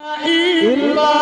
إلا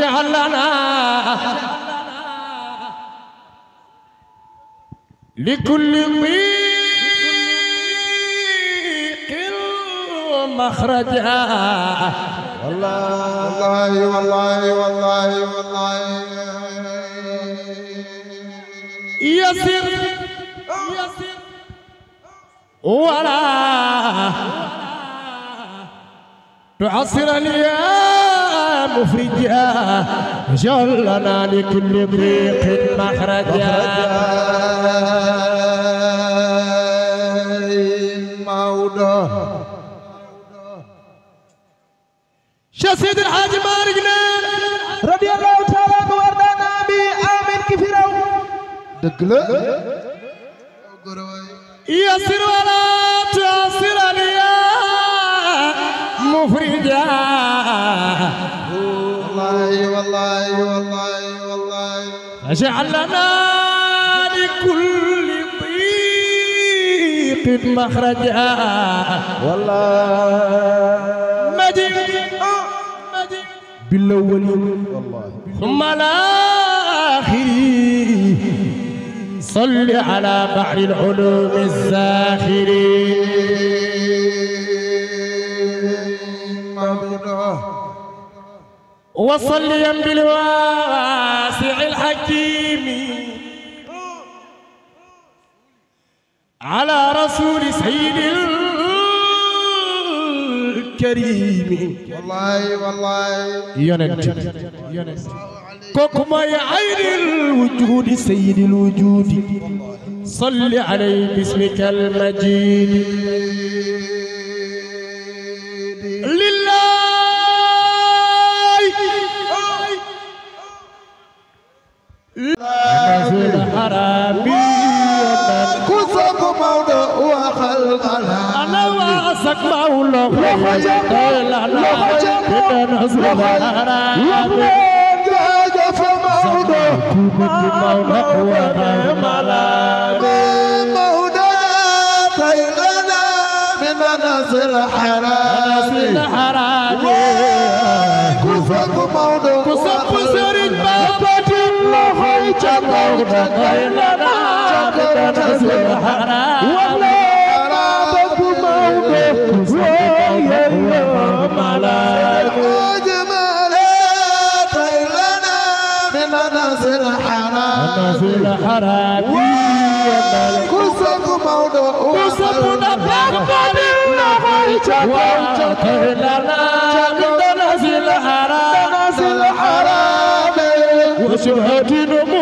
واجعل لنا لكل ضيق مخرجا والله والله والله والله يسر يسر ولا تعصرني يا مفرجا اجعل لنا لكل ضيق مخرجا موضة شيخ سيد الحاج مالك رضي الله تعالى وردانا بي آمين كفيرو دقلا يسر ولا تعسر لي مفرجا اجعلنا لكل ضيق مخرجا والله مجد مجد بالاول والله ثم الاخر صل على بحر العلوم الزاخر وصليا بالواسع على رسول سيد الكريم والله والله يونت يونت كوكما يا عين الوجود سيد الوجود صل عليه باسمك المجيد لله لا الحرامي أنا واسك باولو لوخو جمبو لوخو جمبو لوخو جمبو ولا شهدنا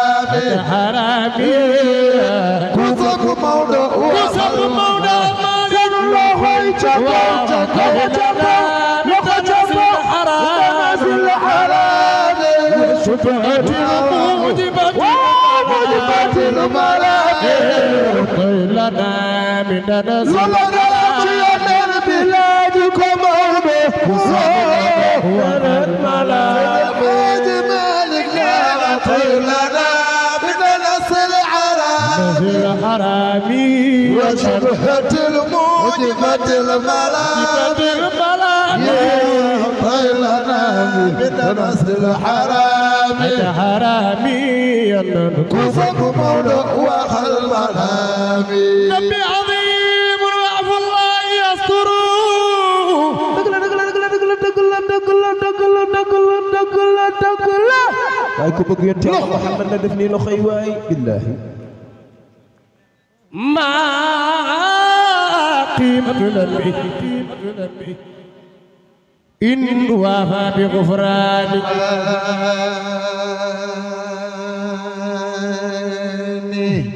حرامي كوسب مودا كوسب مودا ما الله يجبر تكبر نقطة الحرام الحرام شفعت موجبات موجبات المرام كلنا من نزل لنا بلادكم أرض كوسب ورد ملاك مالك لا تلك ذي الحرام وجبهة الموجبة الملام خيلنا بنصر الحرام حرامي كفك مولى وخل منامي نبي عظيم وعف الله يستره waaye ku bëgg yonent Yàlla Muhammad la def nii loxoy waay billaahi ما قيمة ذنبي إن وافى بغفرانك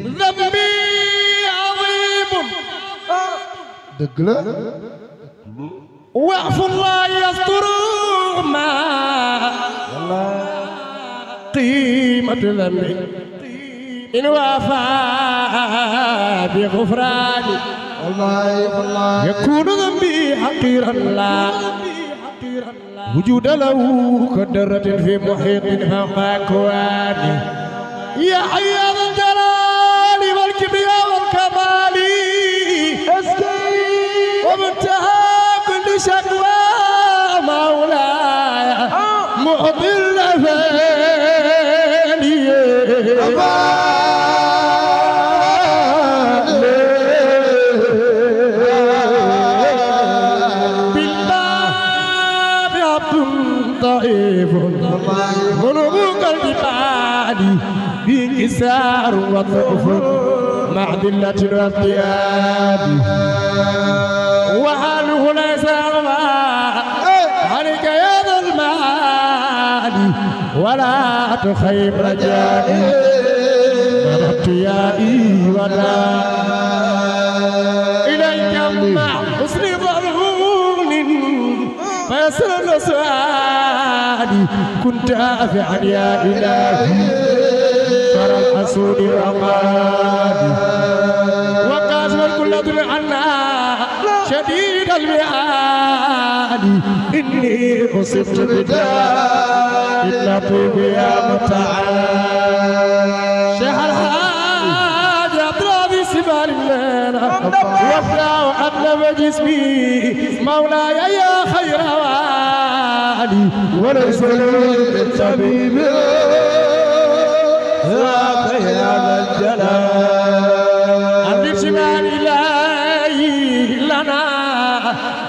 ذنبي عظيم دقلة واعف الله يستر ما قيمة ذنبي إن وفاء بغفراني والله والله يكون ذنبي حقيرا لا وجود له كدرة في محيط فما كواني يا حي ذا الجلال والكبرياء والكمال ومنتهى كل شكوى مولاي معطي إيسار وضعف مع ذلة واضطهاد وعنه ليس عليك يا ذا المعالي ولا تخيب رجائي ضربت يا إيوانا إليك مع حسن ظنون فيسر الأسعاد كنت أفعل يا إلهي حسود العقاد وقاسم كل ذر عنا شديد الوعاد إني أصبت بدار اللطيف يا متعال شهر هاد أطرابي سبار الليلة وفرع أطلب جسمي مولاي يا خير والي ونزل بالطبيب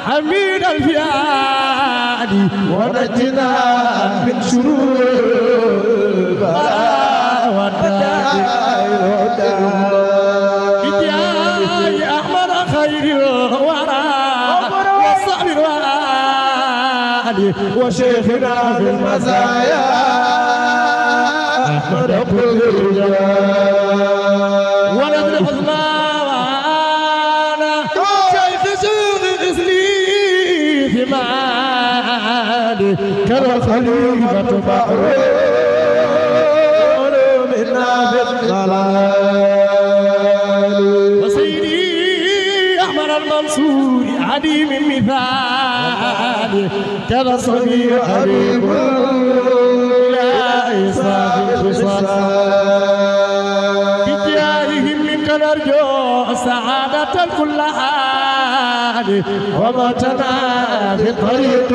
حميد الفئاد ونجنا من شرور البلاء والداء يا أحمد خير ورى وصحب الوالي وشيخنا في المزايا أشرق الرجال ولد الحزمان شايف سوق غسلي في معالي كالخليفة معقول منا في الضلال وسيدي أحمد المنصور عديم المثال كذا صغير حبيب بجاههم لنرجو سعادة كل حال وموتنا في الطريق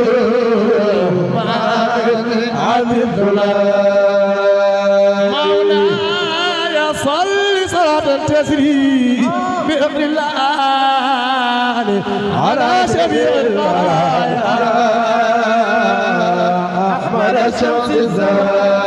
عن الظلام مولاي صل صلاة تسري بأمر الله على شفيع الغرايا أحمد شمس الزمان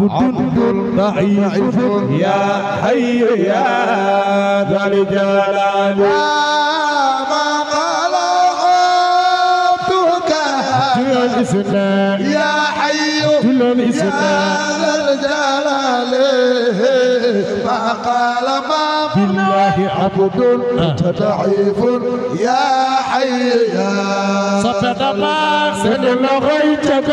جند ضعيف يا حي يا ذا الجلال ما طلعتك جل الإسلام يا حي جل الإسلام يا ذا الجلال ما قال ما بالله عبد تضعيف يا حي يا صدق ما سن لغيتك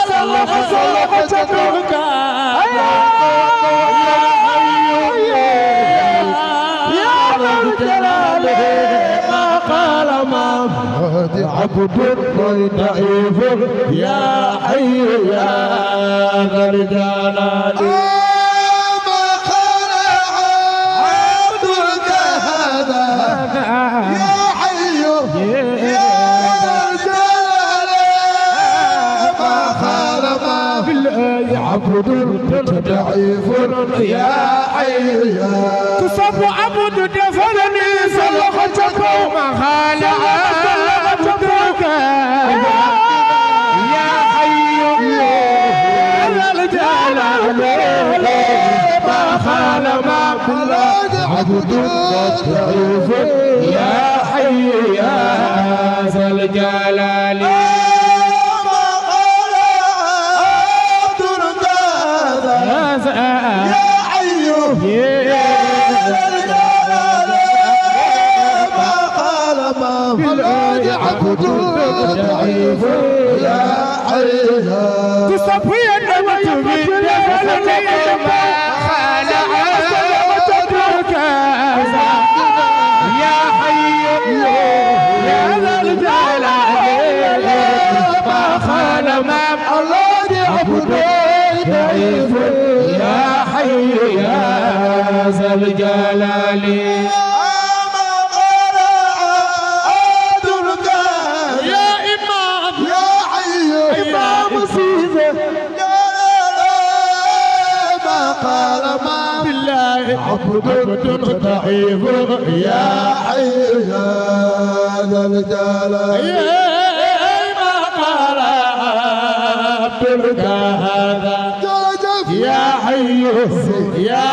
عبد الله ضعيف يا حي يا ذا الجلال عبد ضعيف يا حي تصب عبد دفنني صلحتك وما خال عبدك يا حي يا الجلال ما خال ما عبد ضعيف يا حي يا ذا الجلال ضعيف يا عزة تصفي النبي من الكلمة ضعيف يا حي يا ذا الجلال عبد ضعيف يا حي يا ذا الجلال ما قال عبدك هذا يا حي يا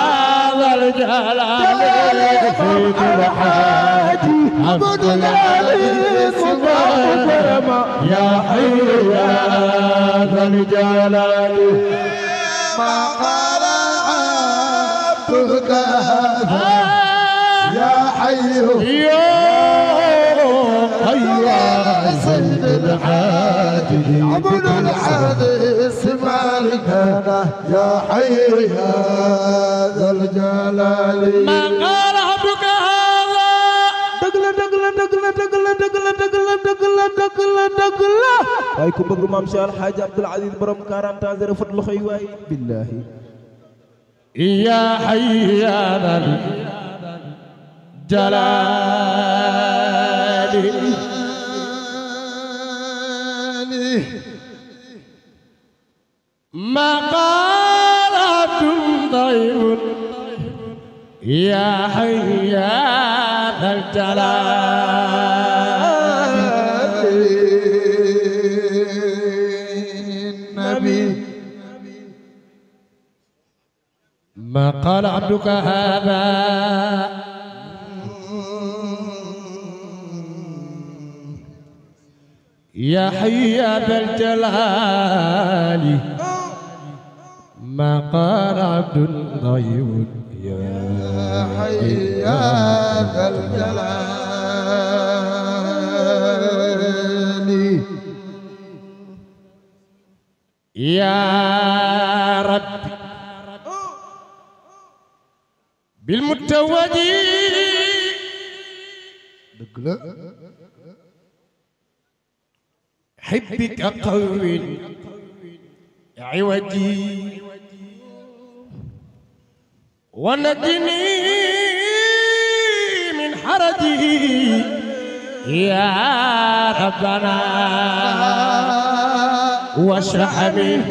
ذا الجلال سيد الحاج عبد العزيز يا حي يا ذا الجلال ما قال خير يا حي سيد العاجل عبد العزيز مالكنا يا حي يا ذا الجلال ما قال ربك هذا دقل دقل دقل دقل دقل دقل دقل دقل دقل waaye ku bëgg maam Cheikh El Hadj Abdoul Aziz borom 40 ans rafet loxo yi waay billaahi yaa hayy yaa jalali مقالة ضيب يا حي ذا الجلال النبي ما قال عبدك هذا يا حي يا ذا الجلال ما قال عبد غيب يا حي يا ذا الجلال يا رب بالمتوجي دقلة حبك قوي عوجي ونجني من حرجه يا ربنا واشرح منه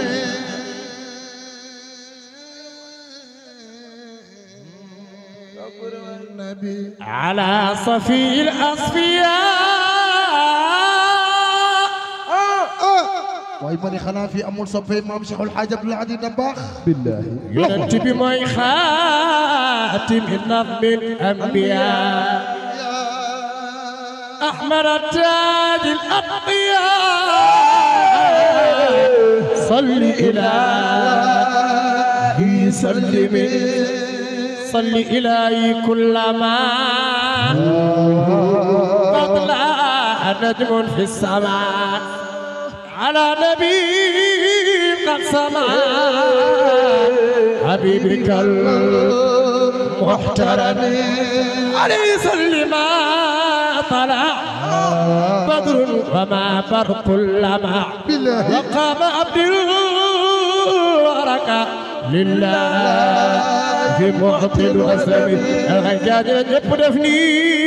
على صفي الأصفياء waaye ma ne xanaa fii amul soppey maam Cheikhul Hadj Abdoul Aziz Dabakh. billaahi yonent bi mooy xaatimi nabiyil anbiyaa ahmad taajil atqiyaa salli ilaahi sallimi salli ilaahi kullamaa tatla najmun fi samaa على نبي قد صلى حبيبك المحترم عليه سلم طلع بدر وما بر كلما وقام عبد الورقه لله في معطي الوسم الغجاج يبدفني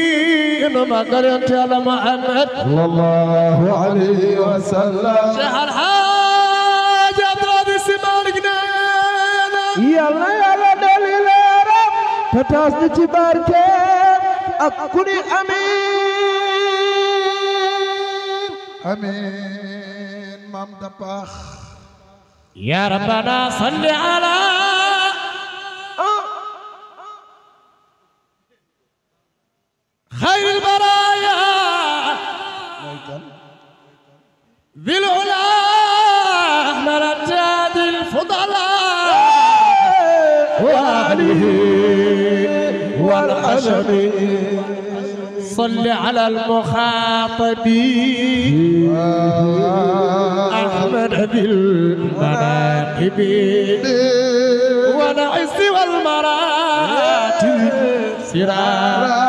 no magal yonent Yàlla Muhammad sallallahu alayhi wa sallam Cheikh Al Hadj Abdoulaye Sy Malick nee yal na Yàlla dolli leeram te taas ñu ci barke ak ku ni amiin amiin maam da baax ya rabbana salli ala صل على المخاطب أحمد بالمناقب والعز والمراتب سراجنا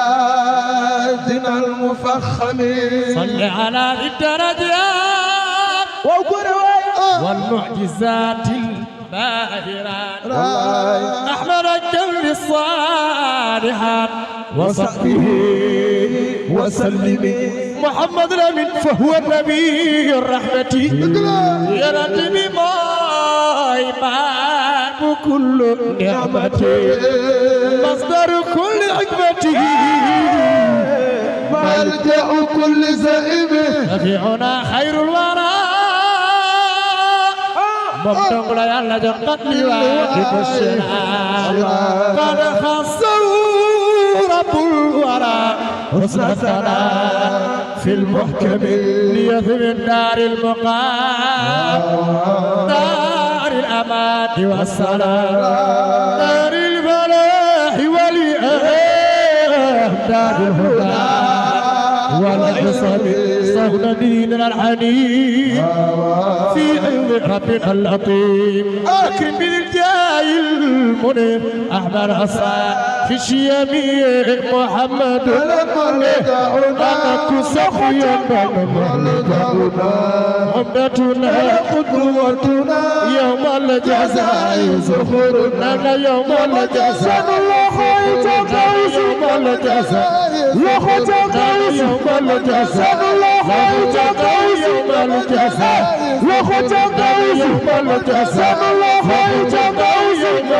المفخم صل على الدرجات والمعجزات الباهرات أحمد الجل الصالحات وصحبه وسلم محمد الأمين فهو نبي الرحمة يا رب ما إمام كل نعمة مصدر كل حكمته ملجأ كل زائمه رفيعنا خير الورى moom dong la yàlla jox kat li waa di ko حسن صلاة في المحكم لي في دار المقام دار الأمان والسلام دار الفلاح والإيمان دار الهدى والعصم صون ديننا الحنين في حفظ ربنا اللطيف أكرم بالجاه المنير أحمد الصالح شيمي محمد أنك سخيا عمدتنا قدوتنا يوم الجزاء زخرنا يوم الجزاء يوم الجزاء يوم الجزاء يوم الجزاء يوم الجزاء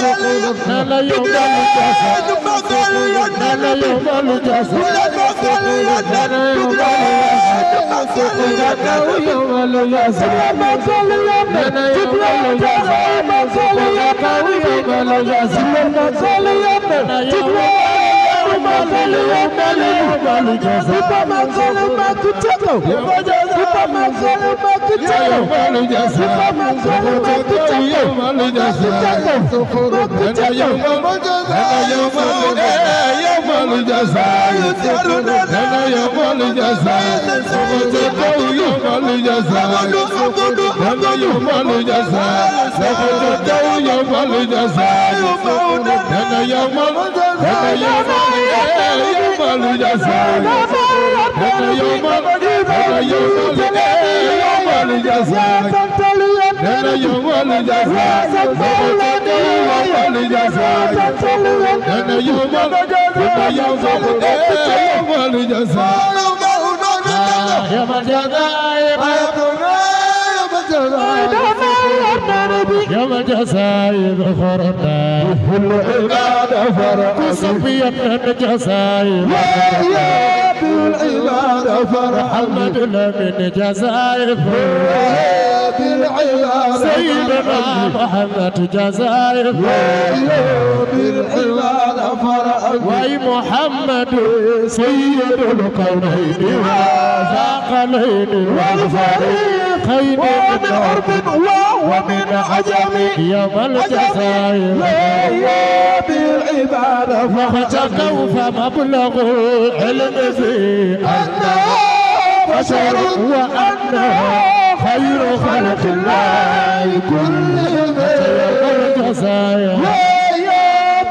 يقول لا يوم الجزاء لا يوم الجزاء لا يوم الجزاء يوم الجزاء لا يوم الجزاء يوم الجزاء Superman, الجزاء سخرنا يوم الجزاء يوم الجزاء يوم الجزاء سخرنا يوم الجزاء سخرنا يوم الجزاء سخرنا يوم الجزاء سخرنا يوم الجزاء سخرنا يوم الجزاء يوم الجزاء يوم الجزاء يوم الجزاء dana yowal jasa baba dana yowal jasa dana yowal dana yowal dana yowal jasa. يوم الجسائب فرنا كل عباد فرح صفيا الجسائب يا بالعباد فرح حمد من جسائب سيدنا محمد جزائر بالعباد فرح واي محمد سيد القولين وذاقلين والفريق خير من عرب ومن عجم يوم الجزاء بالعبادة فاختقوا فمبلغوا العلم في أنا بشر وأنا خير خلق الله كلهم الجزاء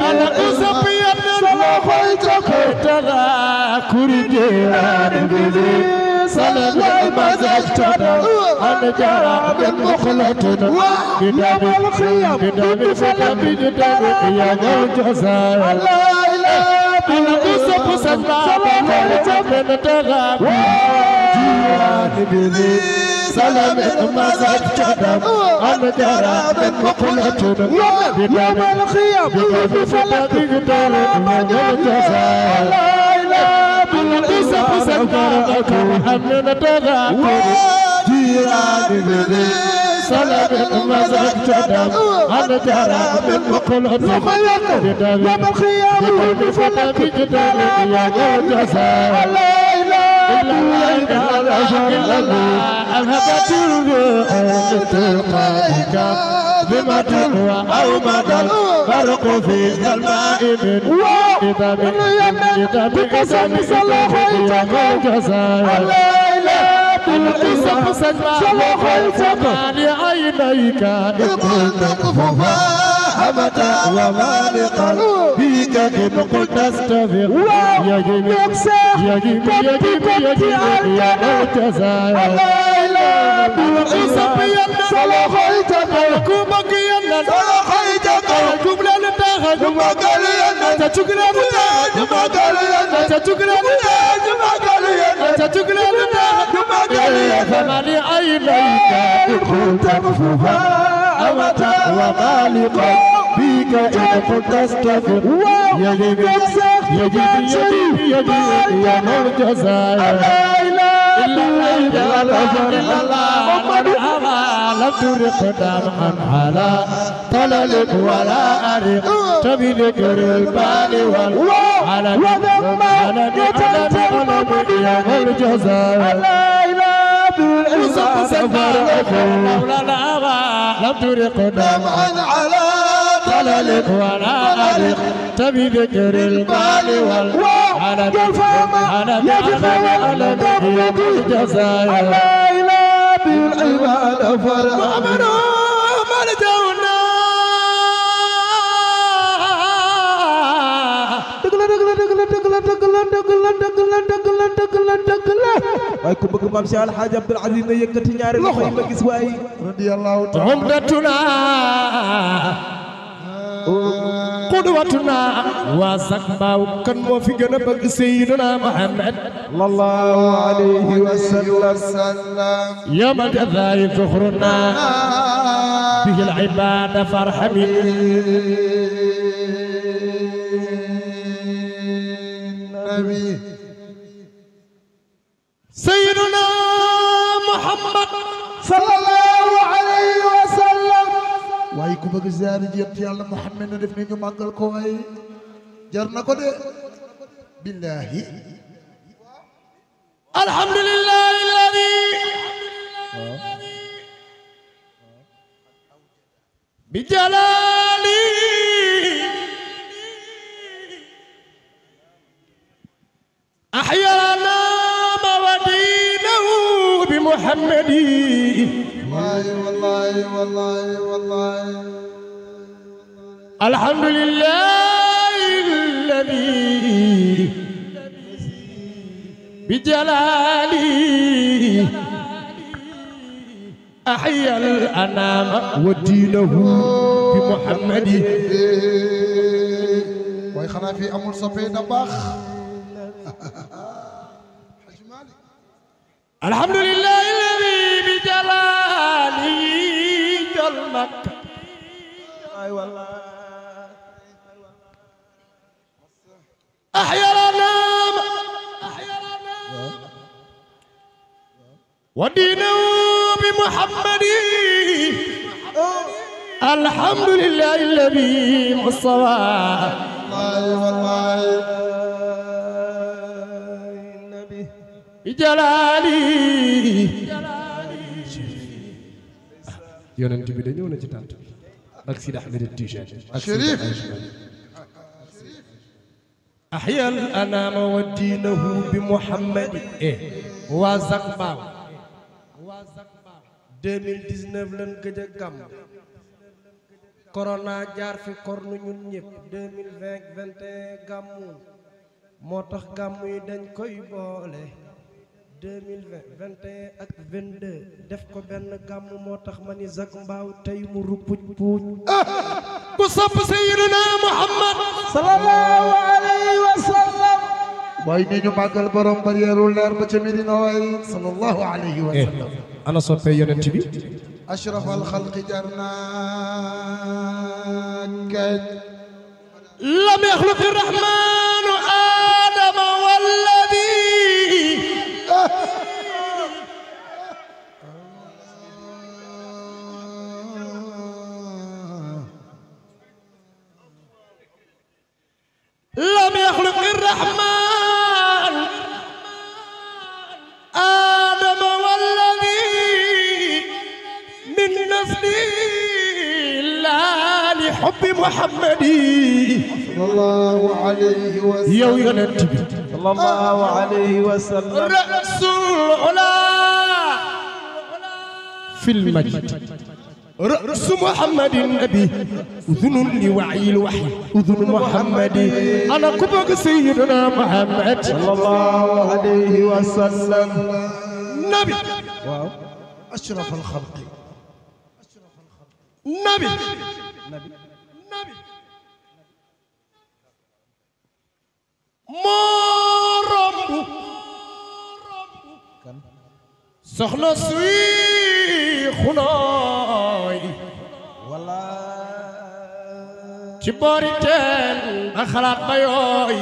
أنا أسبي أن الله خيتك ترى كل جيران بذي سند المزجتنا أنا جرى من مخلتنا بدم الخيام بدم فتى بدم يا موجزة لا إله إلا الله بس بس سلام مزاج جدم أنا جرى من مقلتنا بدم الخيام بدم فتى بدم يا موجزة Isa pusaka Muhammad toga Jihad bilis سلام مزاج تدم أنا جرى من مقلد نخلق يوم الخيام يكون فلك جدار يوم الجزاء لا إله إلا الله أذهبت الرؤون تلقائك بمدى أو مدى فرق في الماء من بقسم صلحيت الليلة القسم صلحيت لعينيك إن قلت كففا أبدا وما لقلبك إن قلت استفر يجب يجب يجب يجب يا الجزاء الليلة بالقسم صلحيت قلبك صلحيت قلبك Jumagal yanda Jumagal yanda Jumagal yanda Jumagal yanda Jumagal yanda Jumagal yanda Jumagal yanda Mani aylayka kunta mfuha amata wa maliqa bika in kuntastafi ya jibi ya jibi ya jibi ya murtaza la ilaha illa allah محمد أبا لم ترق دمعا على طللت ولا أرد تبي ذكر البال وال على على يا الجزاء لا إله إلا الله لم ترق دمعا على طللت ولا أرد تبي ذكر البال وال على على على الجزاء لا إله إلا الله فرح la dëgg la dëgg la dëgg la dëgg la dëgg la waaye ku bëgg maam Cheikh Alhaji Abdoul Aziz na yëkkati ñaari loxo yi ma gis waaye radiyallahu ta'ala umratuna qudwatuna waa sax mbaaw kan moo fi gën a bëgg Seydina Muhammad sallallahu alayhi wa sallam yawma kadhari fakhruna bihi al ibada farhamin النبي سيدنا محمد صلى الله عليه وسلم waaye ku bëgg ziar ji yëpp yàlla Muhammad na def ne ñu màggal ko waaye jar na ko de billahi alhamdulillah alladi bi jalali أحيانا مودينه بمحمد والله والله والله والله الحمد لله الذي بجلاله أحيا الأنام ودينه بمحمد واي خنا في أمور صبي دباخ alhamdulillahi alladi bi jalali jol makka ahyalana wa diinu bi muhammadi alhamdulillahi alladi mustafa ijalaali yonent bi da na ci tànt bi ak Sidi Ahmed Tijani ak Chérif ahyal anaama wa diinahu bi Muhammadi e waa Zac Mbao 2019 lan gëj a gàmm corona jaar fi kornu ñun ñëpp 2020 moo tax gàmm yi dañ koy boole deux mille vingt vingt et un ak vingt deux def ko benn gàmm moo tax ma ni Zac Mbao tey mu ruppuj puuj ku sopp sayyidina Muhammad sallallahu alayhi wa sallam waaye ni ñu màggal borom bariyeeru leer ba ca Medina waaye sallallahu alayhi wa eh, sallam ana soppe yonent bi ashraf alxalqi jarnaak lam yaxluqi rahmaanu لم يخلق الرحمن آدم والذي من نسلي لا لحب محمد صلى الله عليه وسلم يوم ينتبه صلى الله عليه وسلم رأس العلا في المجد رأس محمد النبي أذن وعي الوحي أذن محمد أنا كبك سيدنا محمد صلى الله عليه وسلم نبي واو أشرف الخلق نبي نبي نبي more soxna suy xunooy wala ci boori teen nga xalaat ba yooy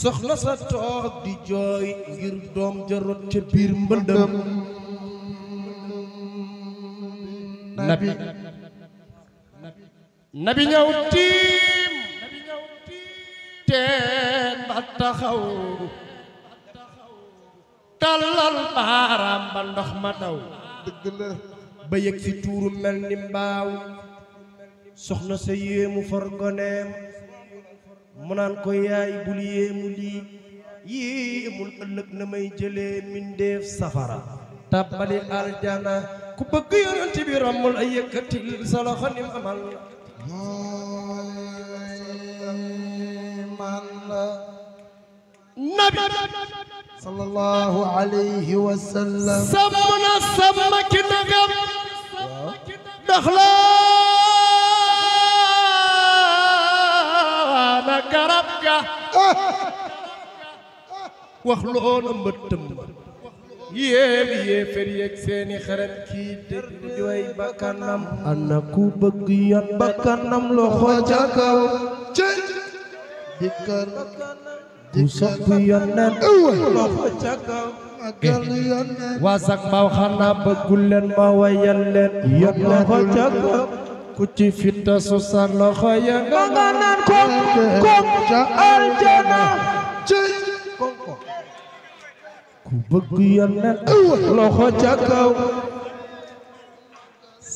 sa toog di jooy ngir doom jarot ca biir mbëndëm nabi nabi ñëw tiim teen ba taxaw tallal baaraam ba ndox ma daw dëgg la ba yëg fi tuuru mel ni mbaaw soxna sa yéemu for goneem mu naan ko yaay bul yéemu lii yéemul ëllëg na may jële mindeef safara tàbbali aljana ku bëgg yonent bi rommul ay yëkkatil sa loxo nim amal nabi sallallahu alayhi wa sallam na sàmm ki nagam ndax laa na garab ga wax loona mbëttam yéen yéefar yeeg seeni xaram kii déglu jooy bakkanam ana ku bëgg yan bakkanam loxo ca kaw ci dikkal ku sopp yonent loxo ca loxo ca kaw ku ci fitta su loxo ya nga nga naan kom kom ca aljana ci kom ko loxo ca kaw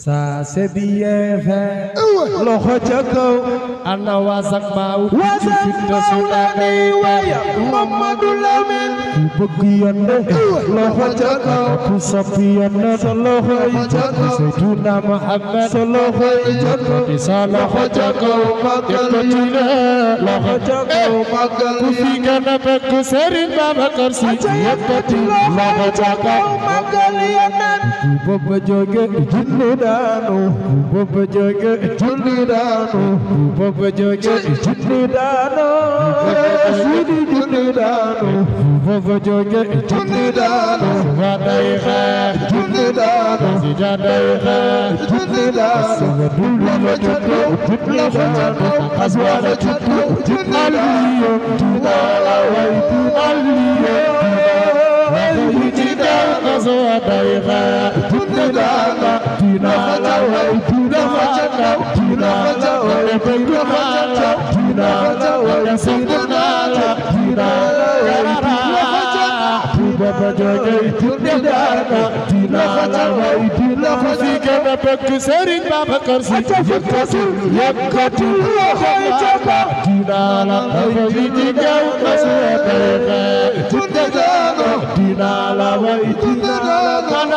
saase bi yeexe loxo ca kaw ana waasak baaw ci fitna su daanay waay Mamadu Lamin ku bëgg yonde loxo ca kaw ku soppi yonde sa loxo yi ca kaw Seydina Muhammad sa loxo yi ca kaw sa loxo ca kaw magal yi loxo ca kaw eh, magal yi ku fi gën a bëgg Serigne Babacar Sy yëkkati loxo ca kaw magal yi ku bëgg jóge jinne da daanu bopp jóge julli daanu bopp jóge julli daanu sidi julli daanu bopp jóge julli daanu waday xeex julli daanu si jaday xeex julli daanu julli ma juttu julli xaanu aswaana juttu julli aliyum tunaala way tunaaliyum waday ji daanu soo waday xeex julli daanu Dina Malawi, Dina Malawi, Dina Malawi, Dina Malawi, Dina Malawi, Dina Malawi, Dina Malawi, Dina Malawi, Dina Malawi, Dina Malawi, Dina Malawi, Dina bëgg Seriñ Babacar Si yëkkati yëkkati loxoy jàmba dina la way di gaw na seetee dina la way dina la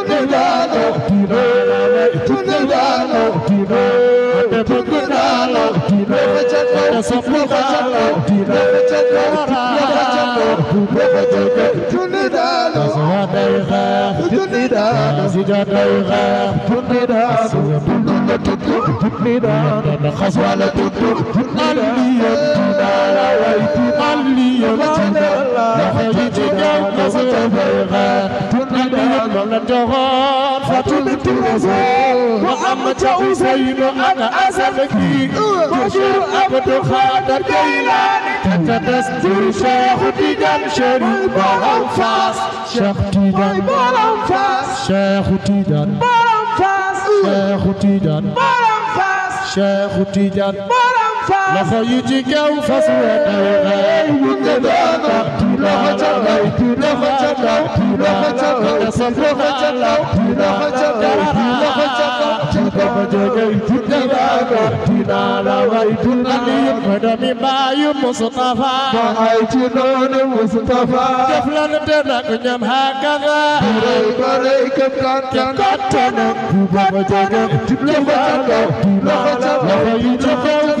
daano dino tunde daano dino bëgg daano dino fecco sofu daano dino fecco daano dino fecco tunde daano sadaiga tunde daano sijadaiga tunde daano tunde daano khaswala tunde daano علي مجدا لحجتك كسبها تنادي من الجوار فتبت الرسول وأمت حسين أنا أسلكي وجر أبد خادر جيلاني تتستر شيخ تيجان شريف بالأنفاس شيخ تيجان بالأنفاس شيخ تيجان بالأنفاس شيخ تيجان بالأنفاس شيخ تيجان بالأنفاس loxo yi ci kaw fas wa daw xaar mu gëna ak tuuna xa ca kaw tuuna xa ca kaw tuuna xa ca kaw tuuna xa ca kaw tuuna xa ca kaw tuuna xa ca kaw tuuna fa jógey tuuna fa ko tuuna la way tuuna li madami baayu Mustafa ba ay ci noonu Mustafa def lan te nak ñam ha ka ga rey ko rey ka kan kan ka tan ku ba jógey tuuna fa ca kaw tuuna fa ca kaw loxo yi ci kaw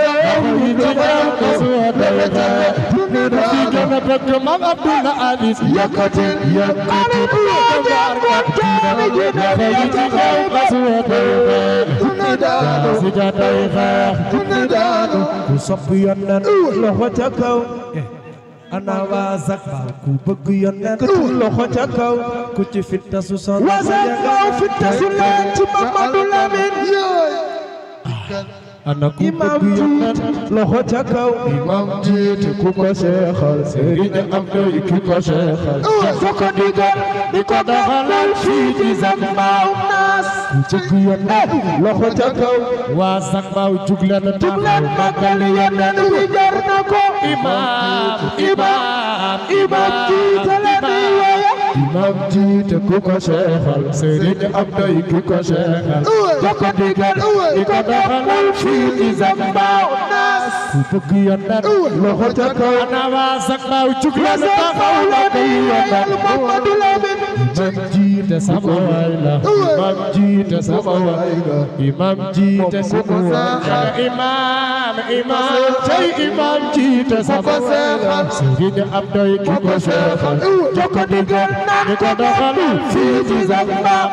mam abdullah alis yakatin yakatin ku sopp yonent loxo ca kaw ana waa zakka ku bëgg yonent loxo ca kaw ku ci fittasu son waa zakka fittasu leen ci mamadu lamin ah. ana ku bëgg loxo ca kaw imam jiit ku ko seexal sëriñ am doy ku ko seexal oh, soo ko digal di ko doxalal fii ci Zambaaw naas ku bëgg eh, loxo ca kaw waa Zambaaw jug leen taxaw màggal yonent bi jar na ko imam imam imam jiit la di maam jiite ku ko seexal Serigne Abdoy ku ko seexal joko digal di ko doxalal fii ci Zambaaw ku bëgg yonent loxo ca kaw na waa Zambaaw jug la taxaw la koy yonent imam jiite sama waay la imam jiite sama waay la imam jiite sama waay la imam imam cey imam jiite sama waay la sëriñ am doy ki ko seexal joko digal ni ko doxal fii ci zambaam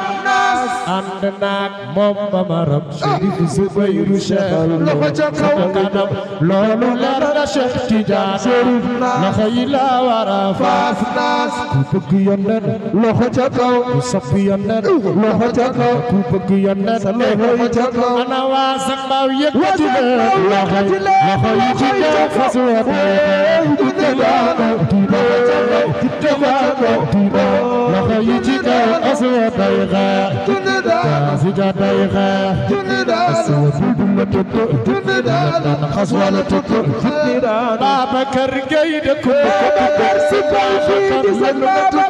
ànd naag moom ba maram ah. sëriñ Zubayru seexal loxo ca kaw kanam loolu leer na Seex Tijaan loxo yi la wara faas naas ku bëgg yoon loxo ca kaw ku sopp a loxo ca kaw ku bëgg yonent loxo ca kaw ana waa sambaaw yëkkati di daanoo di daanoo di daanoo أسوى بيغا زجا بيغا أسوى بلدم تطو خصوة تطو بابا كرقي دكو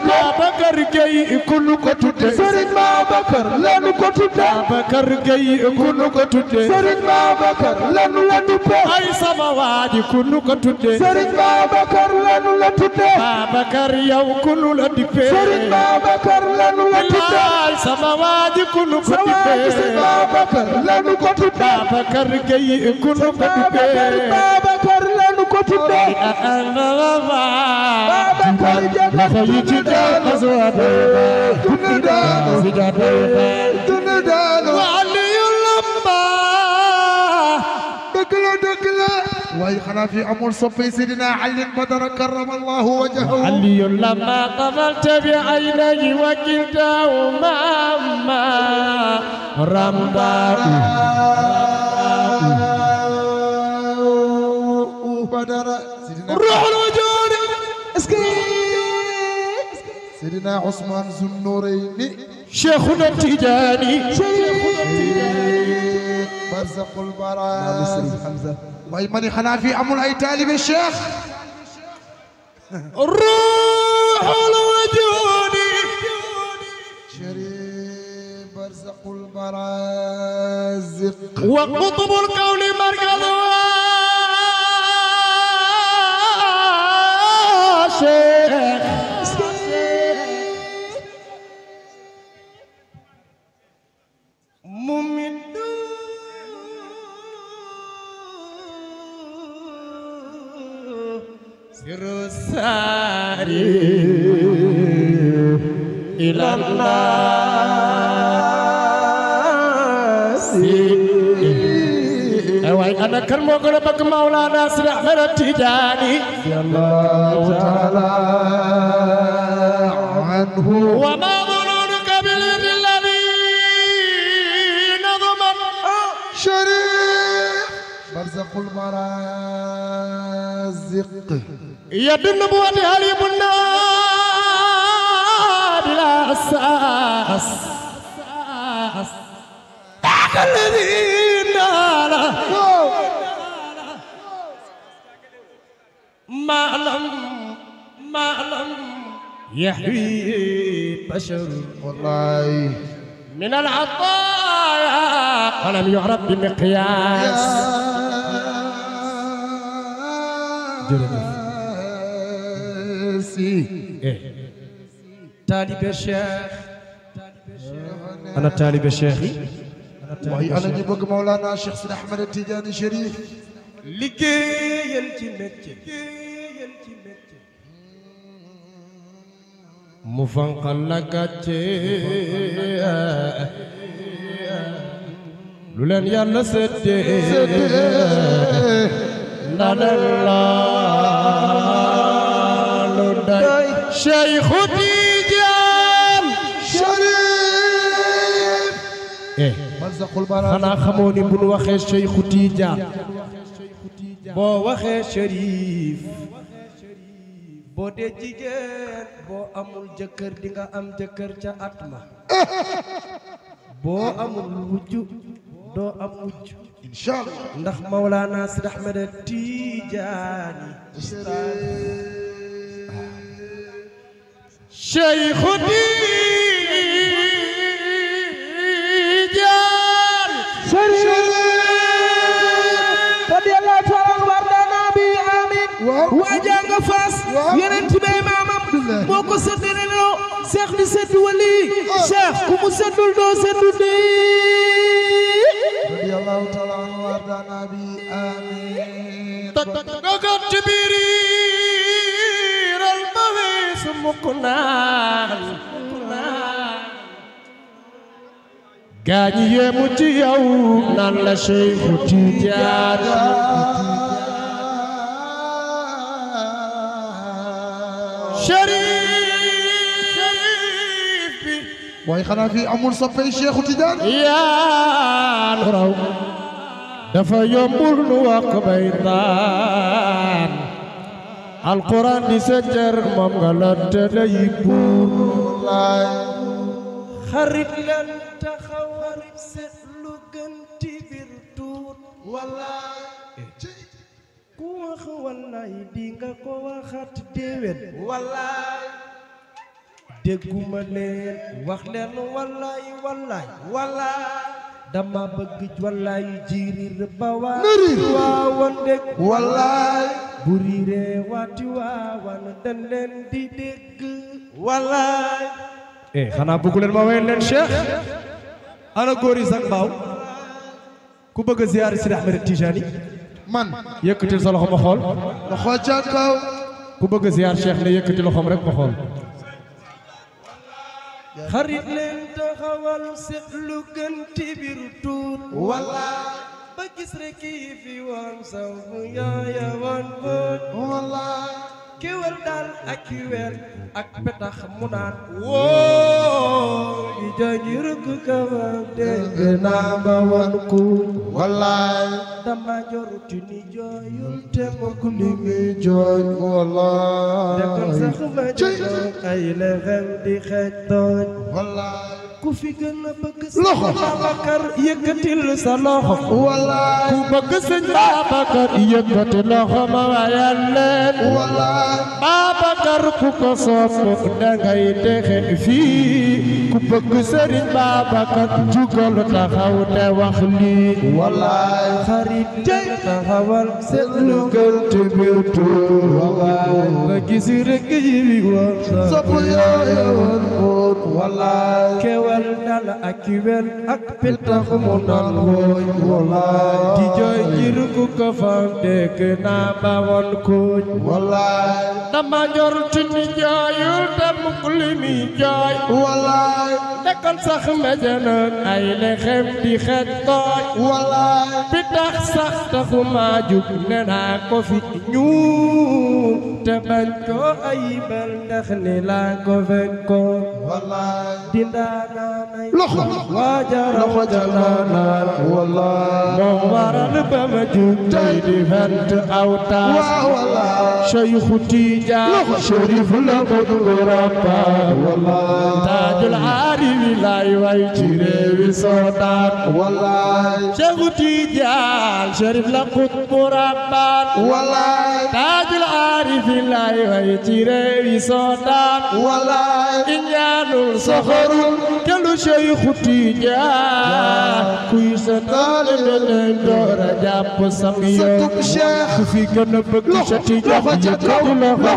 بابا كرقي كل كتو سرين بابا كر لن كتو بابا كرقي كل كتو سرين بابا كر لن لتو أي سماوات كل كتو سرين بابا كر لن لتو بابا كر يو كل لتو سرين بابا كر لن lanu ko tudde sama waaji kunu ko tudde Babacar lanu ko tudde Babacar Gueye kunu ko tudde Babacar lanu ko tudde Babacar Gueye kunu ko tudde waaye xanaa fi amul soppay sidina Ali Badara karrama Allahu wajhahu Ali lamma qabalta bi aynayhi wa kiltaahuma rambaa'u Badara ruuhul wujuud sidina Usmaan Zunnurayni Cheikhuna Tijaani Barzaqul Baraa waaye ma ne xanaa fii amul ay taalibe cheikh ruuxul wujuudi شريف برزق المرازق وقطب الكون مركزها شيخ إلى الناس أوي أنا كان مغرى بك مولانا سيد أحمد التجاني رضي الله تعالى عنه وما ظنونك باليد الذين ضمن شريف برزق المرازق يد النبوة هل يبنى الأساس الذين ما لم ما لم يحوي بشر والله من العطايا ولم يعرف بمقياس جرجس. إيه. taalibe cheikh ana taalibe cheikh yi waaye ana ñu bëgg Mawlana Cheikh Sidi Ahmed Tidiane Chérif liggéeyal ci métier mu fanqal la gàcce lu leen yàlla seddee ndax la lu day Cheikh xanaa xamoo ni bu nu waxee Cheikhu Tidiane boo waxee Cherif boo dee jigéen boo amul jëkkër di nga am jëkkër ca at ma boo amul wujj doo am wujj inshaallah ndax Mawlana Sidi Ahmed Tidiane Cheikhu Tidiane Fass yeneen ci bay maamam moo ko séddaloo cheikh di sedd wali ah. cheikh ku mu seddul doo seddu di radiyallahu ta'ala anhu wardana bi amin dogat ci biir al mawis mukunal gaañi yemu ci yow nan la cheikhu waaye xanaa fii amul soppay Cheikhu Tidiane yaan raw dafa yombul nu wax bay naan alquran di sa cër nga lante lay buur laay xarit lan taxaw xarit gën ci biir wallaay ku nga ko waxat déwén dégguma leen wax leen wallaay wallaay wallaay dama bëgg wallaay jirir ba waa waawan dégg wallaay bu riiree waati waawan dañ leen di dégg wallaay eh xanaa bëggu leen ma wéy leen cheikh ana góor yi sax baaw ku bëgg a ziyaar Sidi Ahmed Tijani man yëkkatil sa loxo ma xool ma xool ca kaw ku bëgg a ziyaar cheikh ne yëkkati loxoom rek ma xool xarit leen taxawal seet lu gën ci biir tuur walla ba gis rekk yi fi woon saw bu yaaya woon boot walla ki daal ak ki weer ak petax mu naan woo i jaaji rëkk kama dégg naa ba wan ku wallaay dama joruti ni jooyul te mbokk li ngi jooy wallaay dekon sax ma jooy ay di xeej tooñ ku fi gën a bëgg loxo Babacar yëkkatil sa loxo wala ku bëgg sëñ Babacar yëkkati loxo ma wayal leen wala Babacar ku ko sopp da ngay texe fii ku bëgg sëriñ jugal taxaw te wax lii xarit tey taxawal seetlu gën te biir tur wala nga gis rek yi woon sopp yooyu woon wala xéewal dal ak i wel ak pitax di jooy ngir ku ko dégg naa ba woon kuuj walaay dama njortu ni jooyul te mukk li mi jooy walaay dekkal sax mejanaan ay lexem di xet tooy walaay pitax sax taxu maa jug ne ko fi ñuul te bañ ko ayibal ndax ni laa ko fekkoon walaay dindaa loxo loxo jalaanaan moo waral ba ma jug tey di fent aw taas Cheikhu Tijaan Cherif la ko dul rabbaat wallaay taajul aarifi lay way ci réewi Soodaan wallaay Cheikhu Tijaan Cherif la qutbu rabbaat wallaay taajul aarifi lay way ci réewi Soodaan laa iñaanul soxorul te lu Seexu Tijaan kuy sa taalibe lay door a jàpp sam yoon ku fi gën a bëgg sa Tijaan loxo ca kaw loxo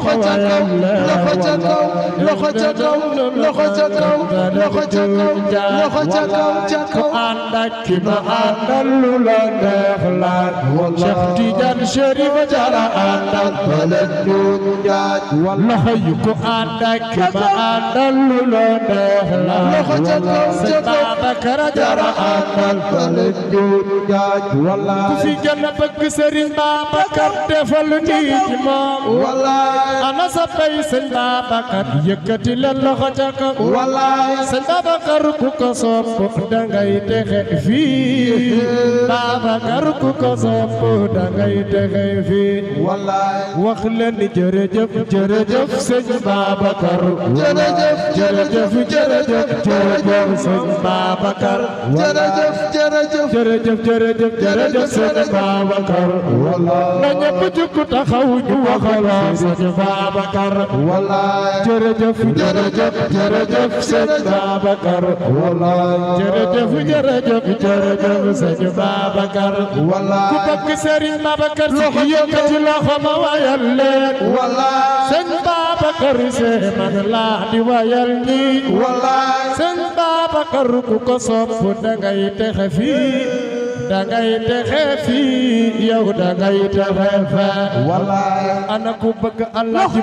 ca kaw loxo ca kaw loxo ca kaw loxo ca kaw loxo ca kaw ca kaw ànd ak ki ma àndal lu la neex laaj wala Cheikh Tidiane Chérif Diarra ànd ak bala ñuul jaaj loxo yu ko ànd ak ki ma àndal lu la neex laaj loxo ca kaw ca kaw Babacar Diarra ànd ak bala ñuul jaaj wala ku fi gën a bëgg Serigne Babacar defal nii ci moom wala ana sa bay Serigne Babacar yëkkati leen loxo ca nag wallaay sëñ Babacar ku ko sopp dangay texe fii Babacar ku ko sopp dangay texe fii wallaay wax leen ni jërëjëf jërëjëf sëñ Babacar jërëjëf jërëjëf jërëjëf jërëjëf jërëjëf jërëjëf jërëjëf jërëjëf jërëjëf sëñ Babacar wallaay jërëjëf jërëjëf jërëjëf sëñ Babacar wallaay ku ma wayal leen wallaay dangay texe fii yow dangay texe fee wallaay ana ku bëgg Allah ji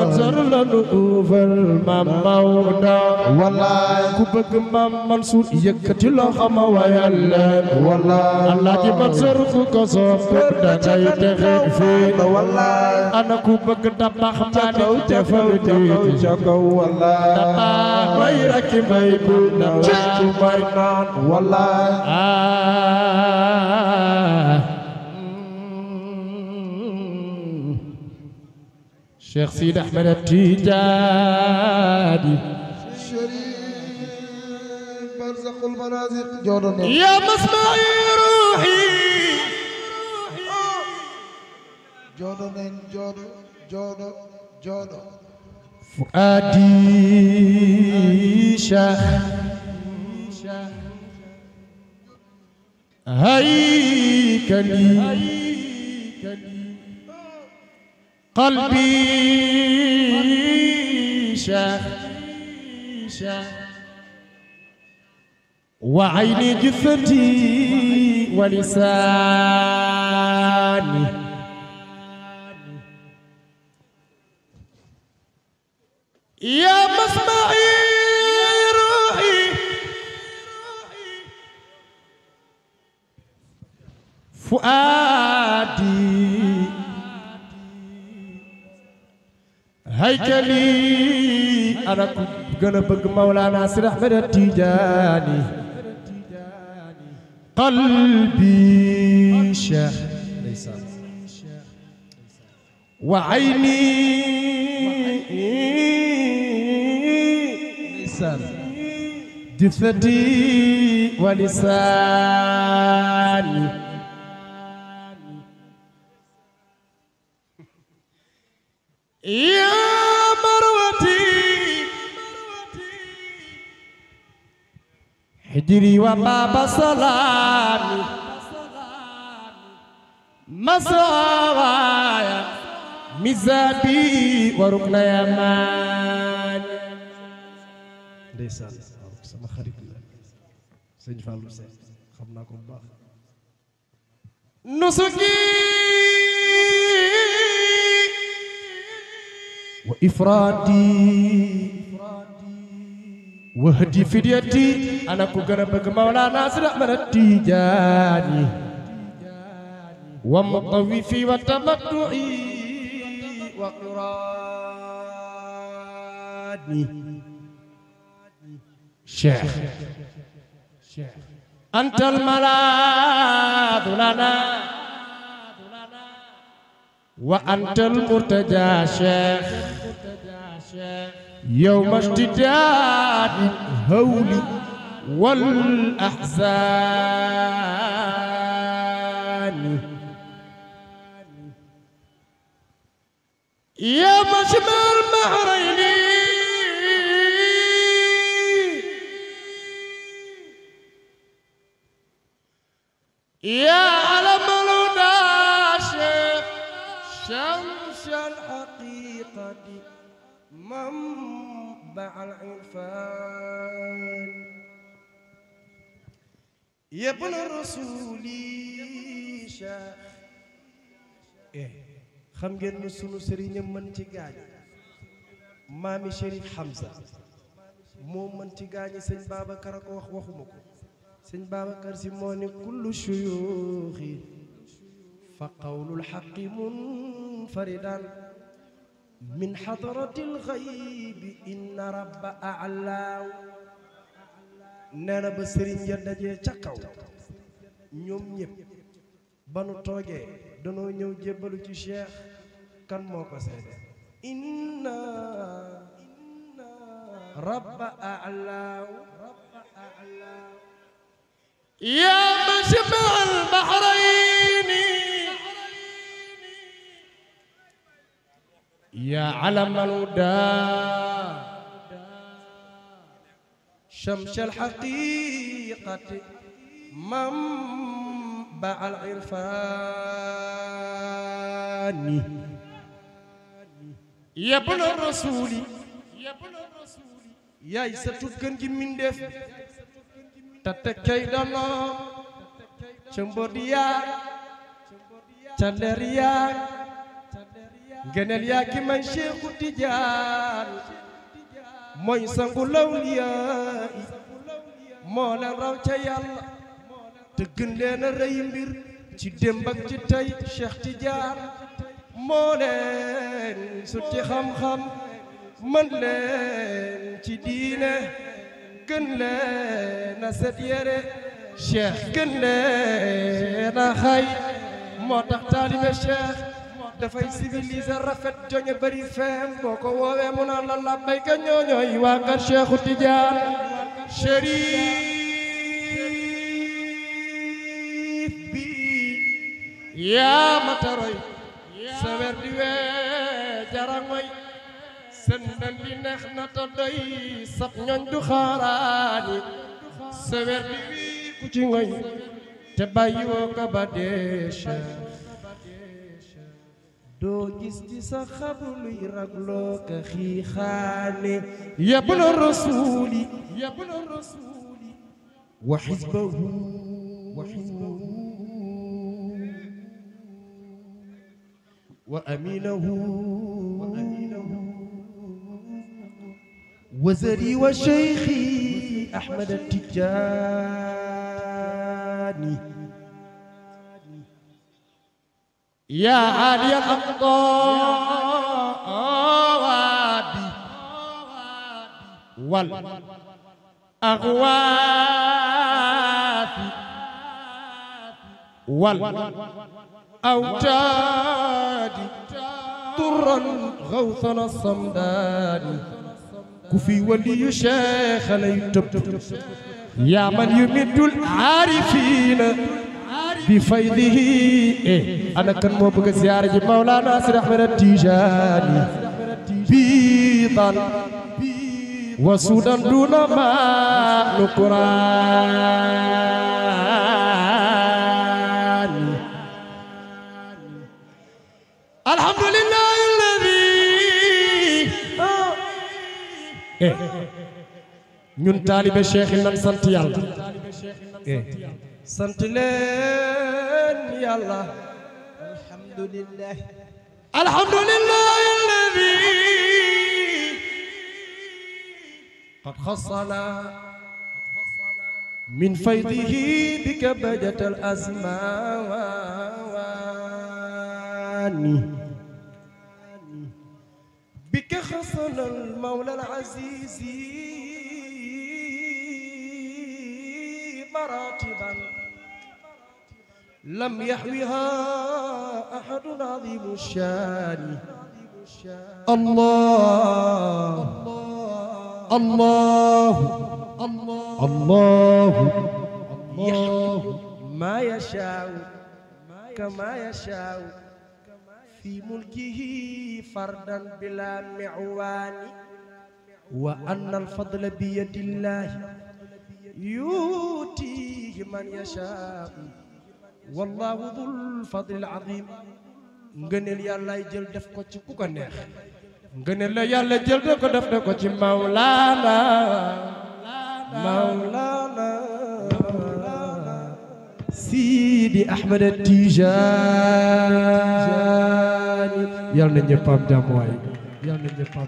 Mansour la nu uufal maam Maodo wallaay ku bëgg maam Mansour yëkkati loxo wayal leen wallaay Allah ji Mansour fu ko soob dangay texe fii wallaay ana ku bëgg tabax maa ni defal di ca kaw wallaay ci barkaan wallaay ah. Cheikh Sidi Ahmed Tidiane Chérif barzakhul manaziq joodoon ya masma'i ruhi joodo nen joodo joodo joodo fuadi Cheikh هيكلي قلبي شاخ وعيني جثتي ولساني يا مسمعي فؤادي هيكلي أنا كنت gën a bëgg Mawlana Seydi Ahmed Tidiane qalbi wa ayni ndeysaan difati wa lisaani yaa marwati hijri wa baaba salaami masawaaya mizabi wa rukna yamaan ndeysaan sama xarit la sëñ Fallou Seck xam naa ko bu baax nusuki wa ifraati wahdi fidyati ana ku gën a bëgg mawlaana si raxmana tiijaani wa mutawifi wa tamattu'i wa iraani cheikh cheikh antal malaadu lana wa antal murtaja cheikh yow mastidadi hawli wal ahzani ya mashmal mahrayni ya قد منبع العرفان يا ابن الرسول شيخ xam ngeen ni sunu sëriñam mën ci gaañi maami Chérif Hamza moo mën ci gaañi sëñ Babacar a ko wax waxuma ko sëñ Babacar si moo ni shuyuuxi fa qawlul xaqi munfaridaan min xadaratil xaybi inna rabba alaaw nee na ba sëriñ ya dajee ca kaw ñoom ñëpp ba nu toogee danoo ñëw jébbalu ci cheikh kan moo ko seede inna rabba alaaw yaa masbal bahrayni يا علم الوداع شمس الحقيقة منبع العرفان يا ابن الرسول yaay sëtu gën gi mbindéef te tekkey daloom ca ngeneel yaa ki may Seexu Tijaan mooy sangu lawliyaa yi moo leen raw ca yàlla te gën rëy mbir ci démb ci tey Cheikh Tidiane moo leen sut ci xam-xam mën leen ci diine gën leen set yére Cheikh gën leen xay moo tax taalibe Cheikh dafay civilisé rafet joñe bari feem boo ko woowee mu naan la labbayka ñooñooy waa kër Cheikhu Tidiane Chérif bi yaa mataroy sa wer di wee jarangoy seen ndel bi neex na ta doy sab du xaaraani sa wer di wii ku ci ngoy te bàyyi woo ka ba dee doo gis ci sa xabru luy ragloo ka xiixaane yablu rasuuli yablu rasuuli wa xisbahu wa xisbahu wa amiinahu wa amiinahu waziri wa sheykhi Ahmad Tijaani يا عالي الأقواب والأغواث والأوتاد طرا غوثنا الصمدان كفي ولي شيخنا يتب يا من يمد العارفين bi faylihi eh moo bëgg a ziyaara ji Mawlana Seydi Ahmed Tijaani biidan wa suudan duuna ma nu quraan alhamdulillahi alladi eh, ñun taalibe Cheikh sant leen yàlla alhamdulillah alhamdulillah alladi qad xasana min faydihi bika bajat al asmawaani bika xasana al mawla al azizi maratiban لم يحوها أحد عظيم الشان الله الله الله يحكم ما يشاء كما يشاء في ملكه فردا بلا معوان وأن الفضل بيد الله يؤتيه من يشاء wallaahu dul fadlil azim yàlla yàllaay jël def ko ci ku ko neex ngëneel la yàlla jël def ko def na ci mawlaana mawlaana Sidi Ahmed Tijaani yàlla na ñëpp am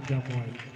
jàmm